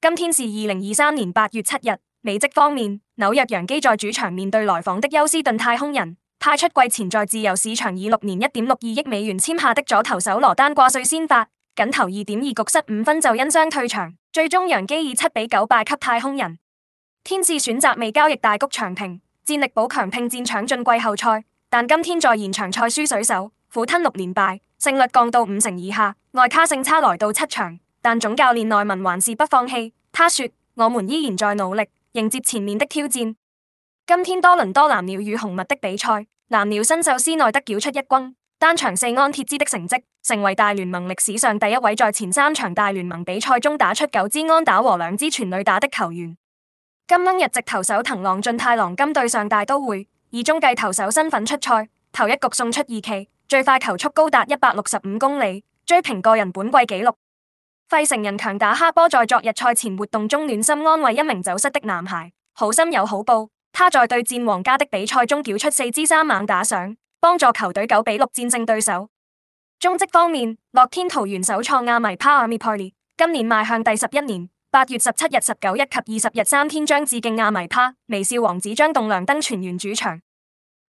今天是二零二三年八月七日。美職方面，紐約洋基在主場面對來訪的休斯頓太空人，派出季前在自由市場以六年一點六二億美元簽下的左投手羅丹掛帥先發，僅投二點二局失五分就因傷退場，最終洋基以七比九敗給太空人。天使選擇未交易大谷翔平，戰力補強拼戰搶進季後賽，但今天在延長賽輸水手苦吞六連敗，勝率降到五成以下，外卡勝差來到七場。但總教練內文還是不放棄，他說：我們依然在努力迎接前面的挑戰。今天多倫多藍鳥與紅襪的比賽，藍鳥新秀斯內德繳出一軍單場四安鐵支的成績，成為大聯盟歷史上第一位在前三場大聯盟比賽中打出九支安打和兩支全壘打的球員。今晚日職投手藤浪晉太郎今對上大都會以中繼投手身份出賽，頭一局送出二期，最快球速高達一百六十五公里，追平個人本季紀錄。費城人強打哈波在昨日賽前活動中暖心安慰一名走失的男孩，好心有好報。他在對戰皇家的比賽中繳出四支三猛打賞，幫助球隊九比六戰勝對手。中職方面，樂天桃園首創亞迷趴阿米帕列，今年邁向第十一年。八月十七日、十九日及二十日三天將致敬亞迷趴微笑王子，將棟樑登全員主場。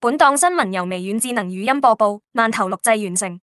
本檔新聞由微軟智能語音播報，慢頭錄製完成。